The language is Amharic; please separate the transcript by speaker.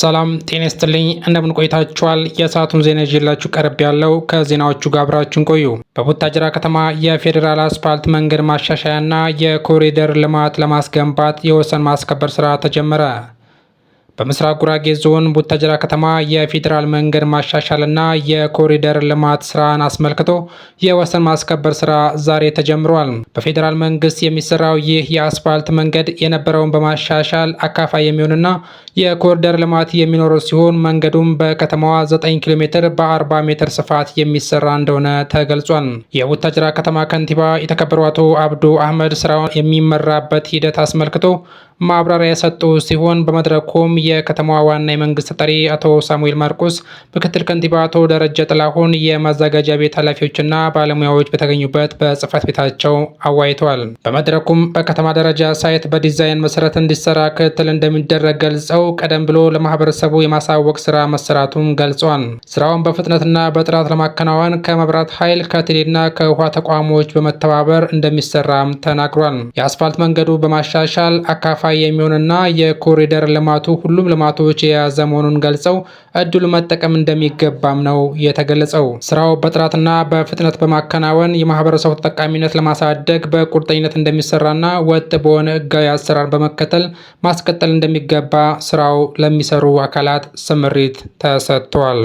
Speaker 1: ሰላም ጤና ይስጥልኝ። እንደምን ቆይታችኋል? የሰዓቱን ዜና ይዤላችሁ ቀርብ ያለው ከዜናዎቹ ጋር አብራችሁን ቆዩ። በቡታጅራ ከተማ የፌዴራል አስፓልት መንገድ ማሻሻያና የኮሪደር ልማት ለማስገንባት የወሰን ማስከበር ስራ ተጀመረ። በምስራቅ ጉራጌ ዞን ቡታጅራ ከተማ የፌዴራል መንገድ ማሻሻልና የኮሪደር ልማት ስራን አስመልክቶ የወሰን ማስከበር ስራ ዛሬ ተጀምሯል። በፌዴራል መንግስት የሚሰራው ይህ የአስፋልት መንገድ የነበረውን በማሻሻል አካፋይ የሚሆንና የኮሪደር ልማት የሚኖረው ሲሆን መንገዱም በከተማዋ 9 ኪሎ ሜትር በ40 ሜትር ስፋት የሚሰራ እንደሆነ ተገልጿል። የቡታጅራ ከተማ ከንቲባ የተከበሩ አቶ አብዱ አህመድ ስራውን የሚመራበት ሂደት አስመልክቶ ማብራሪያ የሰጡ ሲሆን በመድረኩም የከተማዋ ዋና የመንግስት ተጠሪ አቶ ሳሙኤል ማርቆስ፣ ምክትል ከንቲባ አቶ ደረጀ ጥላሁን፣ የማዘጋጃ ቤት ኃላፊዎችና ባለሙያዎች በተገኙበት በጽህፈት ቤታቸው አዋይተዋል። በመድረኩም በከተማ ደረጃ ሳይት በዲዛይን መሰረት እንዲሰራ ክትትል እንደሚደረግ ገልጸው ቀደም ብሎ ለማህበረሰቡ የማሳወቅ ስራ መሰራቱም ገልጿል። ስራውን በፍጥነትና በጥራት ለማከናወን ከመብራት ኃይል ከቴሌና ከውሃ ተቋሞች በመተባበር እንደሚሰራም ተናግሯል። የአስፋልት መንገዱ በማሻሻል አካፋይ የሚሆንና የኮሪደር ልማቱ ሁሉ ሁሉም ልማቶች የያዘ መሆኑን ገልጸው እድሉ መጠቀም እንደሚገባም ነው የተገለጸው። ስራው በጥራትና በፍጥነት በማከናወን የማህበረሰቡ ተጠቃሚነት ለማሳደግ በቁርጠኝነት እንደሚሰራና ወጥ በሆነ ህጋዊ አሰራር በመከተል ማስቀጠል እንደሚገባ ስራው ለሚሰሩ አካላት ስምሪት ተሰጥቷል።